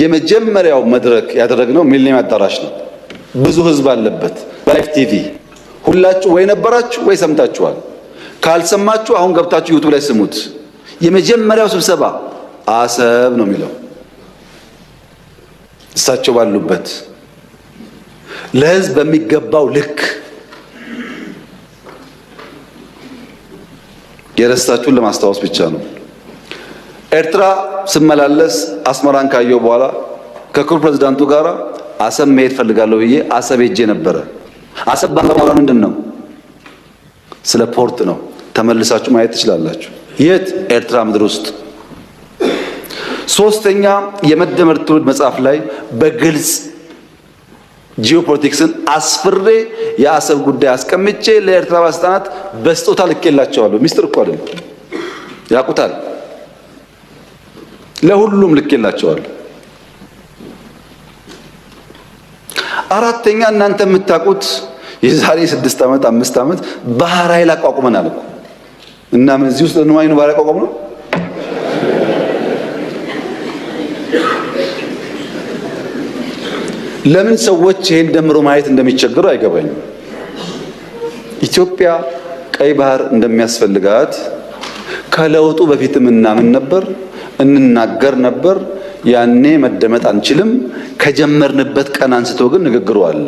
የመጀመሪያው መድረክ ያደረግነው ሚሊኒየም አዳራሽ ነው። ብዙ ህዝብ አለበት። በላይፍ ቲቪ ሁላችሁ ወይ ነበራችሁ ወይ ሰምታችኋል። ካልሰማችሁ አሁን ገብታችሁ ዩቱብ ላይ ስሙት። የመጀመሪያው ስብሰባ አሰብ ነው የሚለው እሳቸው ባሉበት ለህዝብ በሚገባው ልክ የረሳችሁን ለማስታወስ ብቻ ነው። ኤርትራ ስመላለስ አስመራን ካየሁ በኋላ ከክቡር ፕሬዚዳንቱ ጋር አሰብ መሄድ ፈልጋለሁ ብዬ አሰብ ሄጄ ነበረ። አሰብ ባለበኋላ ምንድን ነው ስለ ፖርት ነው። ተመልሳችሁ ማየት ትችላላችሁ። የት ኤርትራ ምድር ውስጥ ሶስተኛ የመደመር ትውልድ መጽሐፍ ላይ በግልጽ ጂኦፖለቲክስን አስፍሬ የአሰብ ጉዳይ አስቀምጬ ለኤርትራ ባለስልጣናት በስጦታ ልኬላቸዋለሁ። ሚስጥር እኮ አይደለም፣ ያውቁታል። ለሁሉም ልኬላቸዋል። አራተኛ እናንተ የምታውቁት የዛሬ ስድስት ዓመት አምስት ዓመት ባህር ኃይል አቋቁመናል እኮ እና ምን እዚህ ውስጥ ንማኝ ባህር አቋቁም ነው። ለምን ሰዎች ይሄን ደምሮ ማየት እንደሚቸገሩ አይገባኝም። ኢትዮጵያ ቀይ ባህር እንደሚያስፈልጋት ከለውጡ በፊትም እናምን ነበር። እንናገር ነበር። ያኔ መደመጥ አንችልም። ከጀመርንበት ቀን አንስቶ ግን ንግግሩ አለ።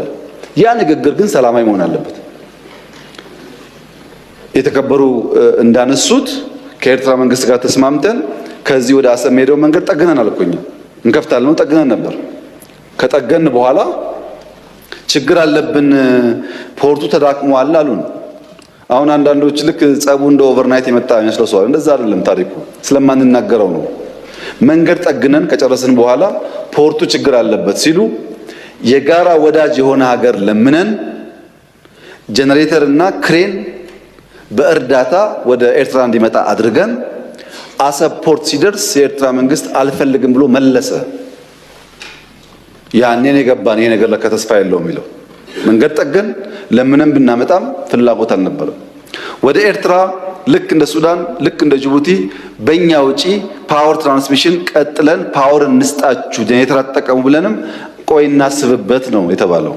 ያ ንግግር ግን ሰላማዊ መሆን አለበት። የተከበሩ እንዳነሱት ከኤርትራ መንግስት ጋር ተስማምተን ከዚህ ወደ አሰብ ሄደው መንገድ ጠግነን አልኩኝ እንከፍታለን ነው ጠግነን ነበር። ከጠገን በኋላ ችግር አለብን፣ ፖርቱ ተዳክሟል አሉን። አሁን አንዳንዶች ልክ ጸቡ እንደ ኦቨርናይት የመጣ ይመስለው ሰዋል። እንደዛ አይደለም ታሪኩ፣ ስለማንናገረው ነው። መንገድ ጠግነን ከጨረስን በኋላ ፖርቱ ችግር አለበት ሲሉ የጋራ ወዳጅ የሆነ ሀገር ለምነን ጄኔሬተር እና ክሬን በእርዳታ ወደ ኤርትራ እንዲመጣ አድርገን አሰብ ፖርት ሲደርስ የኤርትራ መንግስት አልፈልግም ብሎ መለሰ። ያኔን የገባን ይሄ ነገር ለካ ተስፋ የለውም የሚለው መንገድ ጠገን ለምንም ብናመጣም ፍላጎት አልነበረም። ወደ ኤርትራ ልክ እንደ ሱዳን፣ ልክ እንደ ጅቡቲ በእኛ ውጪ ፓወር ትራንስሚሽን ቀጥለን ፓወር እንስጣችሁ ጄኔሬተር አትጠቀሙ ብለንም ቆይ እናስብበት ነው የተባለው።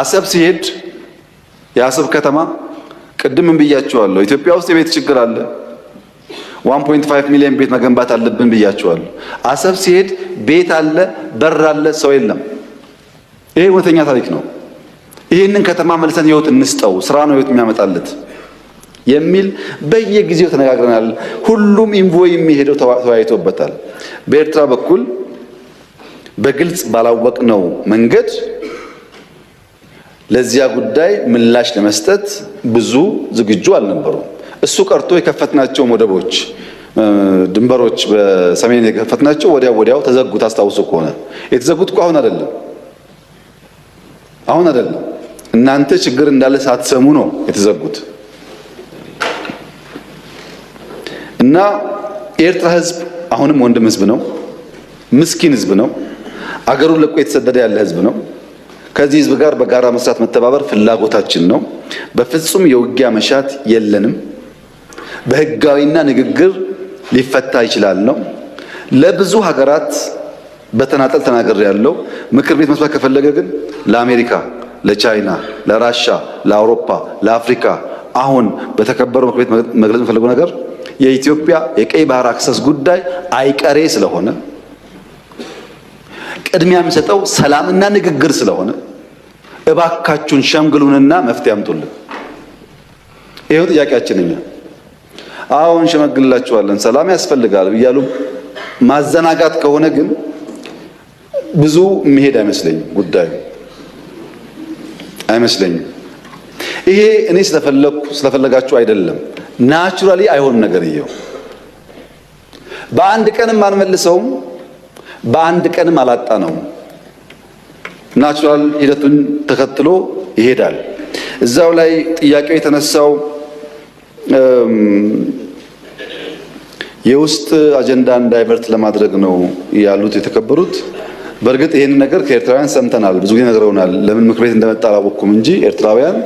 አሰብ ሲሄድ የአሰብ ከተማ ቅድምም ብያችኋለሁ፣ ኢትዮጵያ ውስጥ የቤት ችግር አለ። 1.5 ሚሊዮን ቤት መገንባት አለብን ብያችኋለሁ። አሰብ ሲሄድ ቤት አለ፣ በር አለ፣ ሰው የለም። ይሄ እውነተኛ ታሪክ ነው። ይህንን ከተማ መልሰን ህይወት እንስጠው። ስራ ነው ህይወት የሚያመጣለት። የሚል በየጊዜው ተነጋግረናል። ሁሉም ኢንቮይ የሚሄደው ተወያይቶበታል። በኤርትራ በኩል በግልጽ ባላወቅነው መንገድ ለዚያ ጉዳይ ምላሽ ለመስጠት ብዙ ዝግጁ አልነበሩም። እሱ ቀርቶ የከፈትናቸው ወደቦች፣ ድንበሮች በሰሜን የከፈትናቸው ወዲያው ወዲያው ተዘጉት። ታስታውሱ ከሆነ የተዘጉት እኮ አሁን አይደለም አሁን አይደለም እናንተ ችግር እንዳለ ሳትሰሙ ነው የተዘጉት። እና የኤርትራ ህዝብ አሁንም ወንድም ህዝብ ነው። ምስኪን ህዝብ ነው። አገሩን ለቆ የተሰደደ ያለ ህዝብ ነው። ከዚህ ህዝብ ጋር በጋራ መስራት፣ መተባበር ፍላጎታችን ነው። በፍጹም የውጊያ መሻት የለንም። በህጋዊና ንግግር ሊፈታ ይችላል ነው። ለብዙ ሀገራት በተናጠል ተናገር ያለው ምክር ቤት መስማት ከፈለገ ግን ለአሜሪካ፣ ለቻይና፣ ለራሻ፣ ለአውሮፓ፣ ለአፍሪካ አሁን በተከበረው ምክር ቤት መግለጽ የምፈልገው ነገር የኢትዮጵያ የቀይ ባህር አክሰስ ጉዳይ አይቀሬ ስለሆነ ቅድሚያ የሚሰጠው ሰላምና ንግግር ስለሆነ እባካችሁን ሸምግሉንና መፍትሄ አምጡልን። ይሄው ጥያቄያችን። እኛ አሁን እንሸመግልላችኋለን፣ ሰላም ያስፈልጋል እያሉ ማዘናጋት ከሆነ ግን ብዙ መሄድ አይመስለኝም፣ ጉዳዩ አይመስለኝም። ይሄ እኔ ስለፈለኩ ስለፈለጋችሁ አይደለም። ናቹራሊ አይሆንም ነገርየው። በአንድ ቀንም አንመልሰውም፣ በአንድ ቀንም አላጣ ነው። ናቹራል ሂደቱን ተከትሎ ይሄዳል። እዛው ላይ ጥያቄው የተነሳው የውስጥ አጀንዳን ዳይቨርት ለማድረግ ነው ያሉት የተከበሩት። በእርግጥ ይህን ነገር ከኤርትራውያን ሰምተናል፣ ብዙ ጊዜ ነግረውናል። ለምን ምክር ቤት እንደመጣ አላወቅኩም እንጂ ኤርትራውያን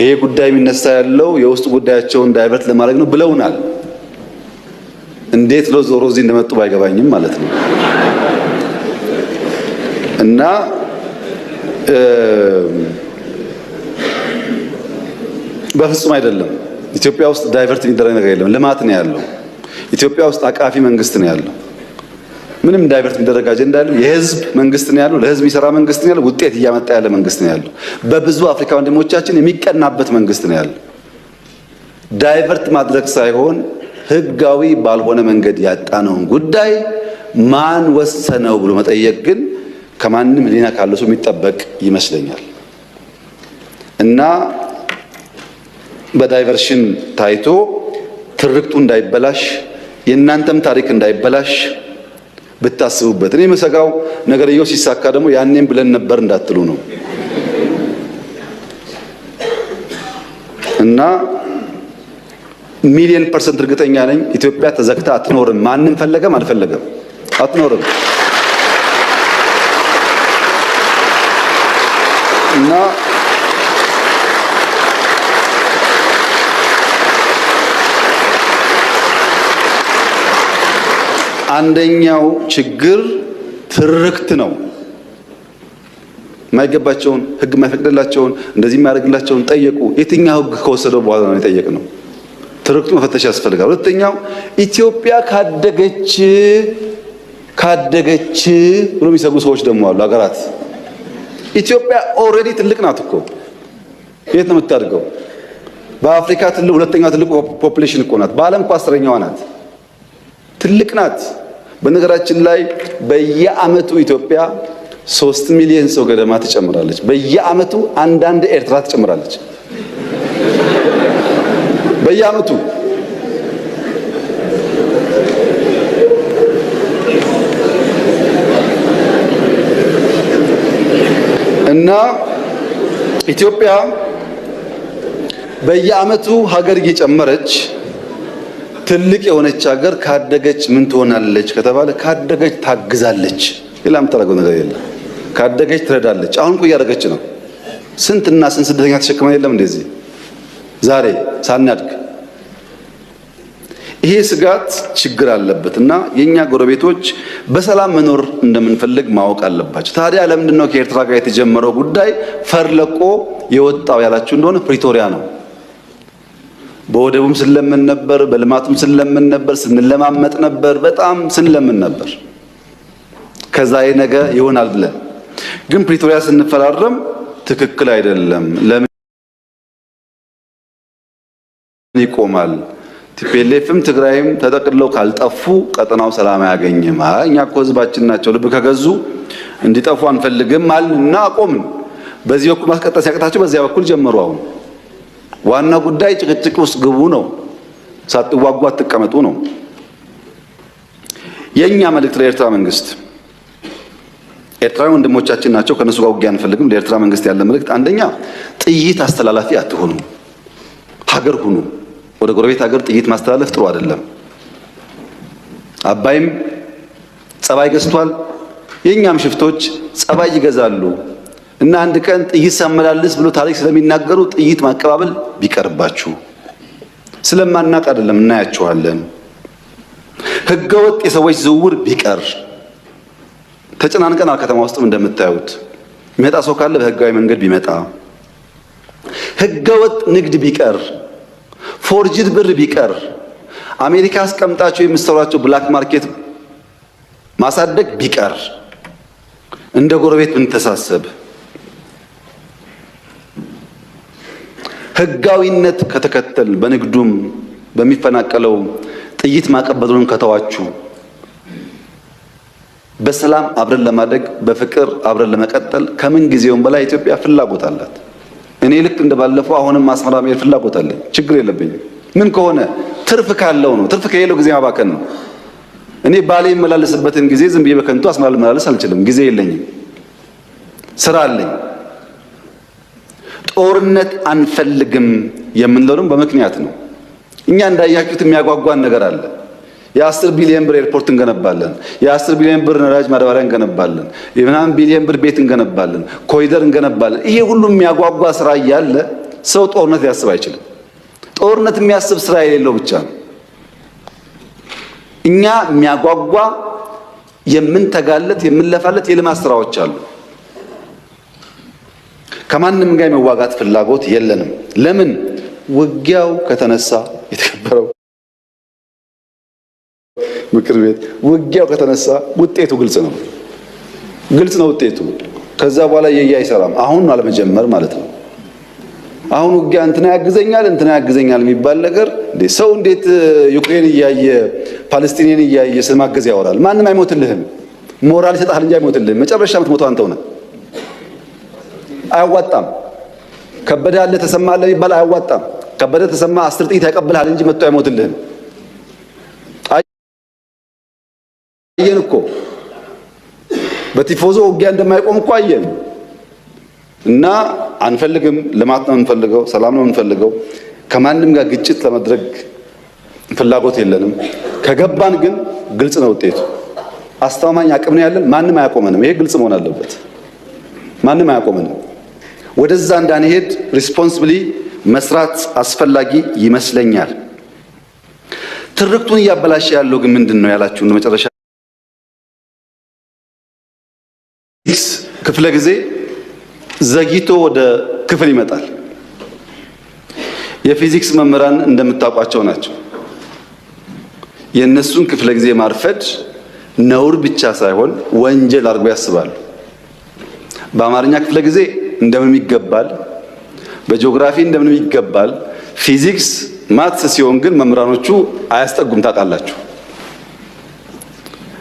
ይሄ ጉዳይ የሚነሳ ያለው የውስጥ ጉዳያቸውን ዳይቨርት ለማድረግ ነው ብለውናል። እንዴት ነው ዞሮ እዚህ እንደመጡ ባይገባኝም ማለት ነው እና በፍጹም አይደለም። ኢትዮጵያ ውስጥ ዳይቨርት የሚደረግ ነገር የለም። ልማት ነው ያለው። ኢትዮጵያ ውስጥ አቃፊ መንግስት ነው ያለው። ምንም ዳይቨርት የሚደረግ አጀንዳ ያለው የህዝብ መንግስት ነው ያለው። ለህዝብ የሚሰራ መንግስት ነው ያለው። ውጤት እያመጣ ያለ መንግስት ነው ያለው። በብዙ አፍሪካ ወንድሞቻችን የሚቀናበት መንግስት ነው ያለው። ዳይቨርት ማድረግ ሳይሆን ህጋዊ ባልሆነ መንገድ ያጣነውን ጉዳይ ማን ወሰነው ብሎ መጠየቅ ግን ከማንም ሊና ካለ ሰው የሚጠበቅ ይመስለኛል እና በዳይቨርሽን ታይቶ ትርክቱ እንዳይበላሽ የእናንተም ታሪክ እንዳይበላሽ ብታስቡበት። እኔ የምሰጋው ነገርየው ሲሳካ ደግሞ ያኔም ብለን ነበር እንዳትሉ ነው እና ሚሊዮን ፐርሰንት እርግጠኛ ነኝ ኢትዮጵያ ተዘግታ አትኖርም። ማንም ፈለገም አልፈለገም አትኖርም። እና አንደኛው ችግር ትርክት ነው። የማይገባቸውን ህግ የማይፈቅድላቸውን እንደዚህ የማያደርግላቸውን ጠየቁ። የትኛው ህግ ከወሰደው በኋላ ነው የጠየቅ ነው? ትርክቱ መፈተሽ ያስፈልጋል። ሁለተኛው ኢትዮጵያ ካደገች ካደገች ብሎ የሚሰጉ ሰዎች ደግሞ አሉ። ሀገራት ኢትዮጵያ ኦልሬዲ ትልቅ ናት እኮ የት ነው የምታድገው? በአፍሪካ ሁለተኛዋ ትልቁ ፖፕሌሽን እኮ ናት። በዓለም እኮ አስረኛዋ ናት። ትልቅ ናት። በነገራችን ላይ በየአመቱ ኢትዮጵያ ሶስት ሚሊዮን ሰው ገደማ ትጨምራለች። አንድ አንዳንድ ኤርትራ ትጨምራለች። በየአመቱ እና ኢትዮጵያ በየአመቱ ሀገር እየጨመረች ትልቅ የሆነች ሀገር ካደገች ምን ትሆናለች ከተባለ ካደገች ታግዛለች። ሌላ የምታደርገው ነገር የለም። ካደገች ትረዳለች። አሁን እኮ እያደረገች ነው። ስንት እና ስንት ስደተኛ ተሸክመን የለም እንደዚህ ዛሬ ሳናድግ። ይሄ ስጋት ችግር አለበት እና የእኛ ጎረቤቶች በሰላም መኖር እንደምንፈልግ ማወቅ አለባቸው። ታዲያ ለምንድን ነው ከኤርትራ ጋር የተጀመረው ጉዳይ ፈርለቆ የወጣው ያላችሁ እንደሆነ ፕሪቶሪያ ነው። በወደቡም ስንለምን ነበር፣ በልማቱም ስንለምን ነበር፣ ስንለማመጥ ነበር፣ በጣም ስንለምን ነበር። ከዛ ነገ ይሆናል ብለን ግን ፕሪቶሪያ ስንፈራረም ትክክል አይደለም፣ ለምን ይቆማል? ቲፒኤልኤፍም ትግራይም ተጠቅለው ካልጠፉ ቀጠናው ሰላም አያገኝም። እኛ እኮ ህዝባችን ናቸው፣ ልብ ከገዙ እንዲጠፉ አንፈልግም አልንና አቆምን። በዚህ በኩል ማስቀጠል ሲያቅታቸው በዚያ በኩል ጀመሩ አሁን ዋና ጉዳይ ጭቅጭቅ ውስጥ ግቡ ነው። ሳትዋጉ አትቀመጡ ነው የእኛ መልእክት ለኤርትራ መንግስት። ኤርትራውያን ወንድሞቻችን ናቸው። ከነሱ ጋር ውጊያ አንፈልግም። ለኤርትራ መንግስት ያለ መልእክት አንደኛ ጥይት አስተላላፊ አትሆኑ፣ ሀገር ሁኑ። ወደ ጎረቤት ሀገር ጥይት ማስተላለፍ ጥሩ አይደለም። አባይም ጸባይ ገዝቷል። የእኛም ሽፍቶች ጸባይ ይገዛሉ። እና አንድ ቀን ጥይት ሳመላልስ ብሎ ታሪክ ስለሚናገሩ ጥይት ማቀባበል ቢቀርባችሁ። ስለማናቅ አይደለም እናያቸዋለን። ህገወጥ የሰዎች ዝውውር ቢቀር። ተጨናንቀናል። ከተማ ውስጥም እንደምታዩት የሚመጣ ሰው ካለ በህጋዊ መንገድ ቢመጣ፣ ህገወጥ ንግድ ቢቀር፣ ፎርጅድ ብር ቢቀር፣ አሜሪካ አስቀምጣቸው የምትሰሯቸው ብላክ ማርኬት ማሳደግ ቢቀር፣ እንደ ጎረቤት ብንተሳሰብ ህጋዊነት ከተከተል በንግዱም በሚፈናቀለው ጥይት ማቀበሉን ከተዋችሁ በሰላም አብረን ለማደግ በፍቅር አብረን ለመቀጠል ከምን ጊዜውም በላይ ኢትዮጵያ ፍላጎት አላት። እኔ ልክ እንደባለፈው አሁንም አስመራ መሄድ ፍላጎት አለ ችግር የለብኝም። ምን ከሆነ ትርፍ ካለው ነው። ትርፍ ከሌለው ጊዜ ማባከን ነው። እኔ ባሌ የመላለስበትን ጊዜ ዝም ብዬ በከንቱ አስመራ ልመላለስ አልችልም። ጊዜ የለኝም። ስራ አለኝ። ጦርነት አንፈልግም የምንለውም በምክንያት ነው። እኛ እንዳያችሁት የሚያጓጓን ነገር አለ። የአስር ቢሊዮን ብር ኤርፖርት እንገነባለን። የአስር ቢሊዮን ብር ነዳጅ ማዳበሪያ እንገነባለን። የምናምን ቢሊዮን ብር ቤት እንገነባለን፣ ኮሪደር እንገነባለን። ይሄ ሁሉ የሚያጓጓ ስራ እያለ ሰው ጦርነት ሊያስብ አይችልም። ጦርነት የሚያስብ ስራ የሌለው ብቻ ነው። እኛ የሚያጓጓ የምንተጋለት የምንለፋለት የልማት ስራዎች አሉ። ከማንም ጋር የመዋጋት ፍላጎት የለንም። ለምን? ውጊያው ከተነሳ የተከበረው ምክር ቤት ውጊያው ከተነሳ ውጤቱ ግልጽ ነው። ግልጽ ነው ውጤቱ። ከዛ በኋላ የየ አይሰራም። አሁን አለመጀመር ማለት ነው። አሁን ውጊያ እንትና ያግዘኛል እንትና ያግዘኛል የሚባል ነገር ሰው እንዴት ዩክሬን እያየ ፓለስቲኔን እያየ ስለማገዝ ያወራል? ማንም አይሞትልህም። ሞራል ይሰጣል እንጂ አይሞትልህም። መጨረሻ የምትሞተው አንተው ነህ። አያዋጣም። ከበደ አለ ተሰማ አለ ይባል አያዋጣም። ከበደ ተሰማ አስር ጥይት ያቀብልሃል እንጂ መጥቶ አይሞትልህም። አየን እኮ በቲፎዞ ውጊያ እንደማይቆም እኮ አየን። እና አንፈልግም። ልማት ነው የምንፈልገው፣ ሰላም ነው የምንፈልገው። ከማንም ጋር ግጭት ለመድረግ ፍላጎት የለንም። ከገባን ግን ግልጽ ነው ውጤቱ። አስተማማኝ አቅም ነው ያለን። ማንም አያቆመንም። ይሄ ግልጽ መሆን አለበት። ማንም አያቆመንም። ወደዛ እንዳንሄድ ሪስፖንስብሊ መስራት አስፈላጊ ይመስለኛል። ትርክቱን እያበላሸ ያለው ግን ምንድን ነው ያላችሁ መጨረሻ ክፍለ ጊዜ ዘግይቶ ወደ ክፍል ይመጣል። የፊዚክስ መምህራን እንደምታውቋቸው ናቸው። የእነሱን ክፍለ ጊዜ ማርፈድ ነውር ብቻ ሳይሆን ወንጀል አድርጎ ያስባሉ። በአማርኛ ክፍለ ጊዜ እንደምንም ይገባል፣ በጂኦግራፊ እንደምንም ይገባል። ፊዚክስ ማትስ ሲሆን ግን መምህራኖቹ አያስጠጉም ታውቃላችሁ።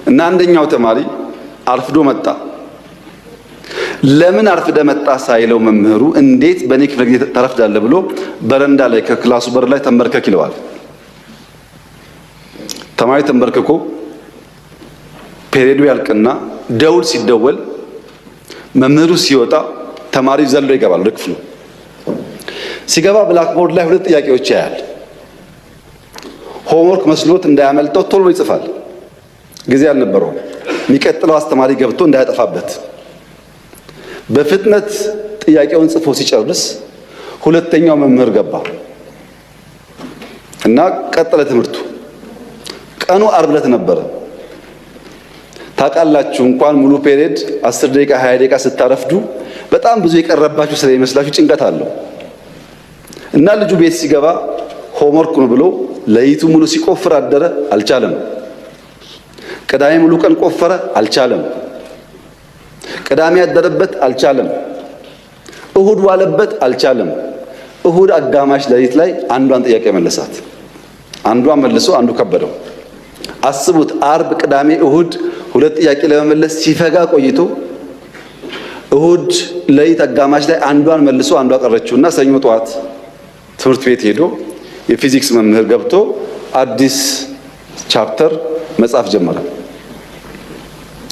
እና አንደኛው ተማሪ አርፍዶ መጣ። ለምን አርፍደ መጣ ሳይለው መምህሩ እንዴት በእኔ ክፍለ ጊዜ ተረፍዳለ ብሎ በረንዳ ላይ ከክላሱ በር ላይ ተንበርከክ ይለዋል። ተማሪ ተንበርክኮ ፔሬዱ ያልቅና ደውል ሲደወል መምህሩ ሲወጣ ተማሪ ዘሎ ይገባል ርክፍ ነው ሲገባ ብላክቦርድ ላይ ሁለት ጥያቄዎች ያያል። ሆምወርክ መስሎት እንዳያመልጠው ቶሎ ይጽፋል። ጊዜ አልነበረው የሚቀጥለው አስተማሪ ገብቶ እንዳያጠፋበት በፍጥነት ጥያቄውን ጽፎ ሲጨርስ ሁለተኛው መምህር ገባ እና ቀጠለ ትምህርቱ። ቀኑ አርብ ዕለት ነበረ። ታውቃላችሁ እንኳን ሙሉ ፔሬድ 10 ደቂቃ 20 ደቂቃ ስታረፍዱ በጣም ብዙ የቀረባችሁ ስለሚመስላችሁ ጭንቀት አለው እና ልጁ ቤት ሲገባ ሆምወርክ ነው ብሎ ለይቱ ሙሉ ሲቆፍር አደረ፣ አልቻለም። ቅዳሜ ሙሉ ቀን ቆፈረ፣ አልቻለም። ቅዳሜ ያደረበት አልቻለም። እሁድ ዋለበት አልቻለም። እሁድ አጋማሽ ለይት ላይ አንዷን ጥያቄ መለሳት። አንዷ መልሶ አንዱ ከበደው። አስቡት፣ አርብ፣ ቅዳሜ፣ እሁድ ሁለት ጥያቄ ለመመለስ ሲፈጋ ቆይቶ እሁድ ለይት አጋማሽ ላይ አንዷን መልሶ አንዷ ቀረችው እና ሰኞ ጠዋት ትምህርት ቤት ሄዶ የፊዚክስ መምህር ገብቶ አዲስ ቻፕተር መጻፍ ጀመረ።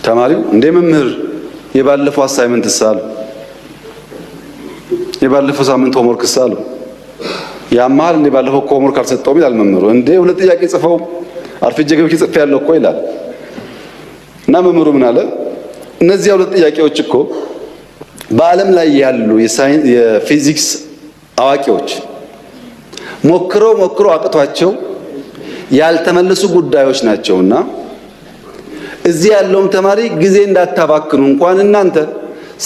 ተማሪው እንዴ መምህር የባለፈው አሳይመንት ሳሉ የባለፈው ሳምንት ሆምወርክ ሳሉ ያማል እንዴ ባለፈው ሆምወርክ አልሰጠውም ይላል መምህሩ። እንዴ ሁለት ጥያቄ ጽፈው አርፍጄ ገብቼ ጽፌ ያለው እኮ ይላል እና መምህሩ ምን አለ እነዚያ ሁለት ጥያቄዎች እኮ በዓለም ላይ ያሉ የፊዚክስ አዋቂዎች ሞክረው ሞክረው አቅቷቸው ያልተመለሱ ጉዳዮች ናቸውና እዚህ ያለውም ተማሪ ጊዜ እንዳታባክኑ እንኳን እናንተ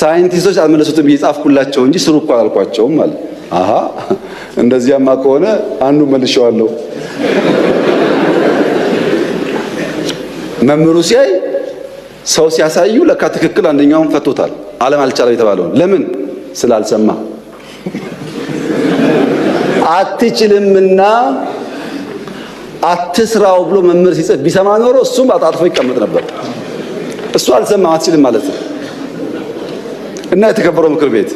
ሳይንቲስቶች አልመለሱትም ብዬ ጻፍኩላቸው እንጂ ስሩ እኮ አላልኳቸውም ማለት አሃ እንደዚያማ ከሆነ አንዱ መልሼዋለሁ መምህሩ ሲያይ ሰው ሲያሳዩ ለካ ትክክል አንደኛውን ፈቶታል ዓለም አልቻለም የተባለውን ለምን ስላልሰማ አትችልምና አትስራው ብሎ መምህር ሲጽፍ ቢሰማ ኖሮ እሱም አጣጥፎ ይቀመጥ ነበር። እሱ አልሰማም፣ አትችልም ማለት ነው። እና የተከበረው ምክር ቤት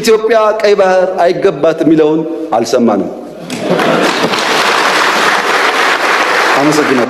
ኢትዮጵያ ቀይ ባህር አይገባት የሚለውን አልሰማንም። አመሰግናለሁ።